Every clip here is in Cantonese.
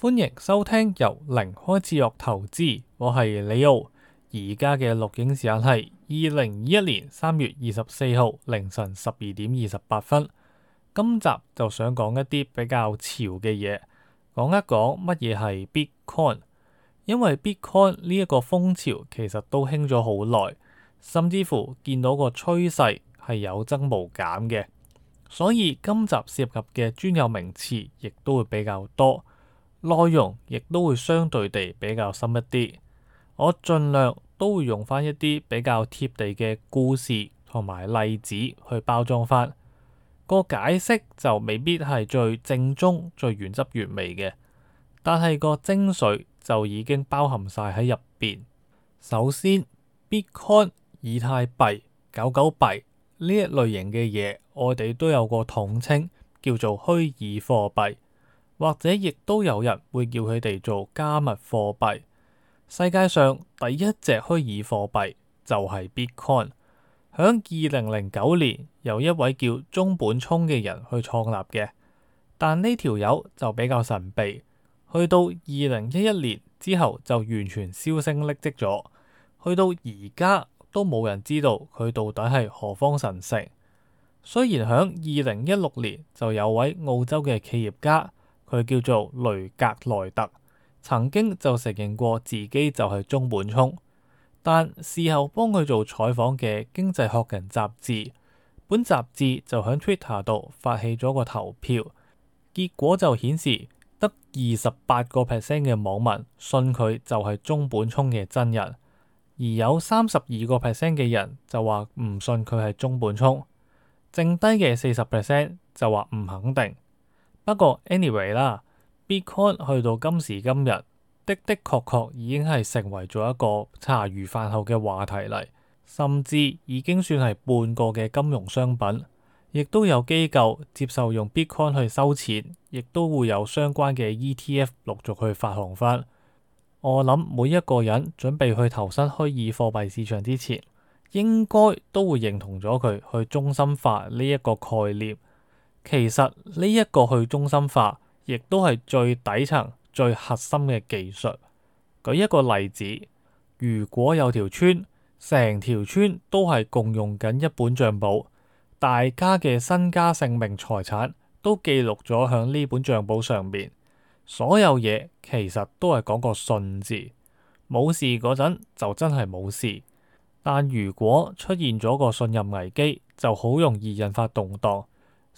歡迎收聽由零開始學投資，我係李奧。而家嘅錄影時間係二零二一年三月二十四號凌晨十二點二十八分。今集就想講一啲比較潮嘅嘢，講一講乜嘢係 Bitcoin。因為 Bitcoin 呢一個風潮其實都興咗好耐，甚至乎見到個趨勢係有增無減嘅，所以今集涉及嘅專有名詞亦都會比較多。內容亦都會相對地比較深一啲，我盡量都會用翻一啲比較貼地嘅故事同埋例子去包裝翻。個解釋就未必係最正宗、最原汁原味嘅，但係個精髓就已經包含晒喺入邊。首先，Bitcoin、以太幣、狗狗幣呢一類型嘅嘢，我哋都有個統稱叫做虛擬貨幣。或者亦都有人會叫佢哋做加密貨幣。世界上第一隻虛擬貨幣就係 Bitcoin，響二零零九年由一位叫中本聰嘅人去創立嘅。但呢條友就比較神秘，去到二零一一年之後就完全銷聲匿跡咗，去到而家都冇人知道佢到底係何方神聖。雖然響二零一六年就有位澳洲嘅企業家。佢叫做雷格萊特，曾經就承認過自己就係中本聰，但事後幫佢做採訪嘅經濟學人雜誌，本雜誌就喺 Twitter 度發起咗個投票，結果就顯示得二十八個 percent 嘅網民信佢就係中本聰嘅真人，而有三十二個 percent 嘅人就話唔信佢係中本聰，剩低嘅四十 percent 就話唔肯定。不過，anyway 啦，Bitcoin 去到今時今日，的的確確已經係成為咗一個茶餘飯後嘅話題嚟，甚至已經算係半個嘅金融商品，亦都有機構接受用 Bitcoin 去收錢，亦都會有相關嘅 ETF 陸續去發行翻。我諗每一個人準備去投身虛擬貨幣市場之前，應該都會認同咗佢去中心化呢一個概念。其實呢一個去中心化亦都係最底層、最核心嘅技術。舉一個例子，如果有條村，成條村都係共用緊一本賬簿，大家嘅身家性命財產都記錄咗響呢本賬簿上面。所有嘢其實都係講個信字。冇事嗰陣就真係冇事，但如果出現咗個信任危機，就好容易引發動盪。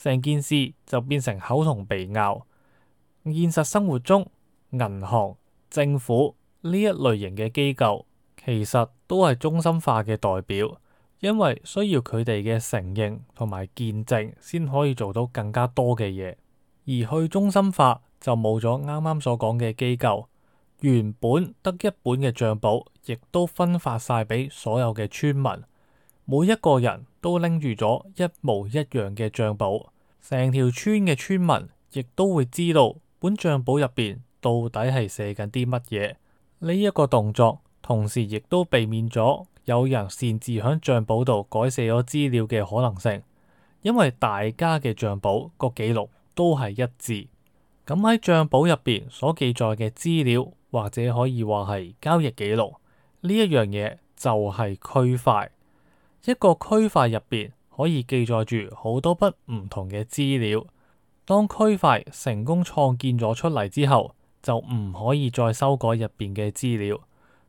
成件事就變成口同鼻拗。現實生活中，銀行、政府呢一類型嘅機構，其實都係中心化嘅代表，因為需要佢哋嘅承認同埋見證，先可以做到更加多嘅嘢。而去中心化就冇咗啱啱所講嘅機構，原本得一本嘅賬簿，亦都分發晒俾所有嘅村民。每一個人都拎住咗一模一樣嘅賬簿，成條村嘅村民亦都會知道本賬簿入邊到底係寫緊啲乜嘢。呢一個動作同時亦都避免咗有人擅自喺賬簿度改寫咗資料嘅可能性，因為大家嘅賬簿個記錄都係一致。咁喺賬簿入邊所記載嘅資料，或者可以話係交易記錄，呢一樣嘢，就係區塊。一個區塊入邊可以記載住好多筆唔同嘅資料，當區塊成功創建咗出嚟之後，就唔可以再修改入邊嘅資料，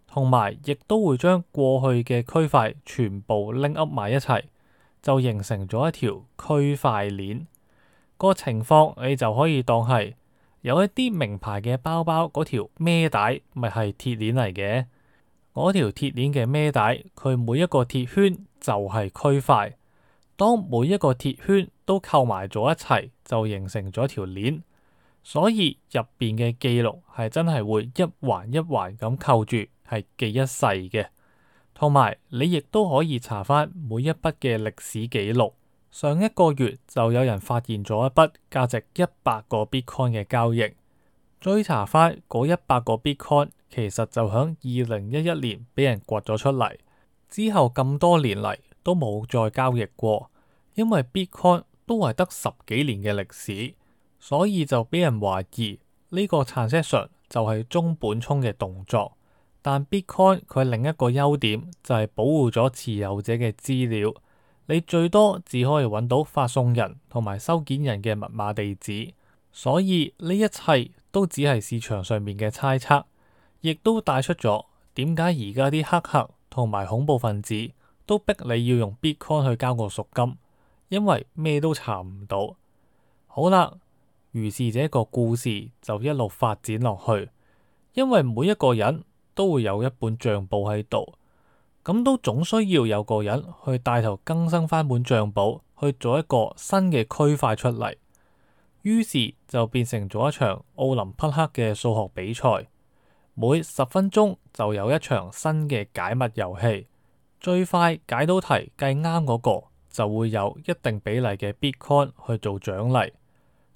同埋亦都會將過去嘅區塊全部拎噏埋一齊，就形成咗一條區塊鏈。個情況你就可以當係有一啲名牌嘅包包嗰條孭帶咪係鐵鏈嚟嘅。我條鐵鏈嘅孭帶，佢每一個鐵圈就係區塊。當每一個鐵圈都扣埋咗一齊，就形成咗條鏈。所以入邊嘅記錄係真係會一環一環咁扣住，係記一世嘅。同埋，你亦都可以查翻每一筆嘅歷史記錄。上一個月就有人發現咗一筆價值一百個 Bitcoin 嘅交易，追查翻嗰一百個 Bitcoin。其實就響二零一一年俾人掘咗出嚟之後，咁多年嚟都冇再交易過，因為 Bitcoin 都係得十幾年嘅歷史，所以就俾人懷疑呢個 transaction 就係中本聰嘅動作。但 Bitcoin 佢另一個優點就係保護咗持有者嘅資料，你最多只可以揾到發送人同埋收件人嘅密碼地址，所以呢一切都只係市場上面嘅猜測。亦都帶出咗點解而家啲黑客同埋恐怖分子都逼你要用 Bitcoin 去交個贖金，因為咩都查唔到。好啦，於是這個故事就一路發展落去，因為每一個人都會有一本賬簿喺度，咁都總需要有個人去帶頭更新翻本賬簿，去做一個新嘅區塊出嚟。於是就變成咗一場奧林匹克嘅數學比賽。每十分鐘就有一場新嘅解密遊戲，最快解到題計啱嗰個就會有一定比例嘅 Bitcoin 去做獎勵。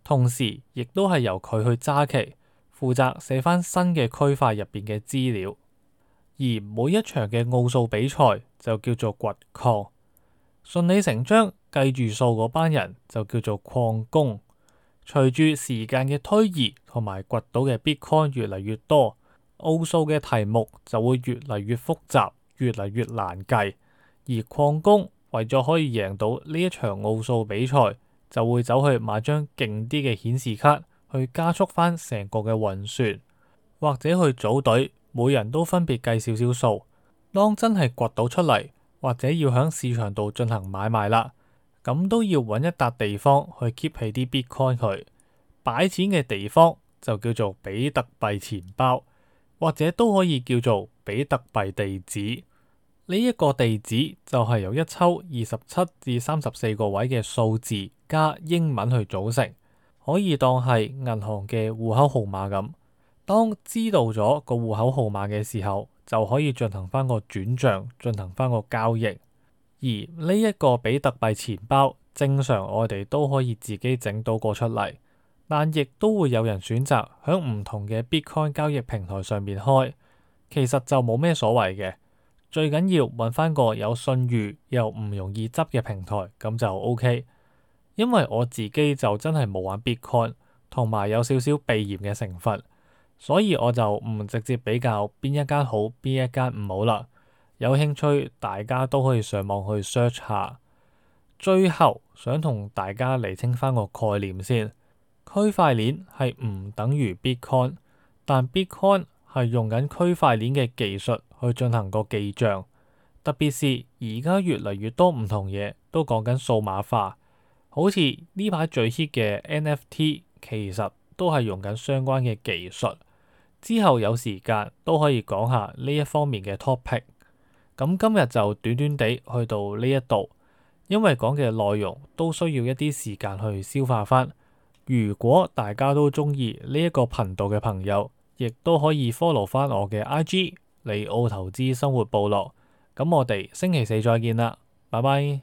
同時亦都係由佢去揸旗，負責寫翻新嘅區塊入邊嘅資料。而每一場嘅奧數比賽就叫做掘礦，順理成章計住數嗰班人就叫做礦工。隨住時間嘅推移，同埋掘到嘅 Bitcoin 越嚟越多。奧數嘅題目就會越嚟越複雜，越嚟越難計。而礦工為咗可以贏到呢一場奧數比賽，就會走去買張勁啲嘅顯示卡去加速翻成個嘅運算，或者去組隊，每人都分別計少少數。當真係掘到出嚟，或者要響市場度進行買賣啦，咁都要搵一笪地方去 keep 起啲 Bitcoin 佢。擺錢嘅地方，就叫做比特幣錢包。或者都可以叫做比特幣地址。呢一個地址就係由一抽二十七至三十四個位嘅數字加英文去組成，可以當係銀行嘅戶口號碼咁。當知道咗個戶口號碼嘅時候，就可以進行翻個轉賬，進行翻個交易。而呢一個比特幣錢包，正常我哋都可以自己整到個出嚟。但亦都會有人選擇喺唔同嘅 Bitcoin 交易平台上面開，其實就冇咩所謂嘅。最緊要搵翻個有信譽又唔容易執嘅平台咁就 OK。因為我自己就真係冇玩 Bitcoin，同埋有少少避嫌嘅成分，所以我就唔直接比較邊一間好邊一間唔好啦。有興趣大家都可以上網去 search 下。最後想同大家釐清翻個概念先。區塊鏈係唔等於 Bitcoin，但 Bitcoin 係用緊區塊鏈嘅技術去進行個記帳。特別是而家越嚟越多唔同嘢都講緊數碼化，好似呢排最 hit 嘅 NFT，其實都係用緊相關嘅技術。之後有時間都可以講下呢一方面嘅 topic。咁今日就短短地去到呢一度，因為講嘅內容都需要一啲時間去消化翻。如果大家都鍾意呢一個頻道嘅朋友，亦都可以 follow 翻我嘅 IG 利奧投資生活部落。噉我哋星期四再見啦，拜拜。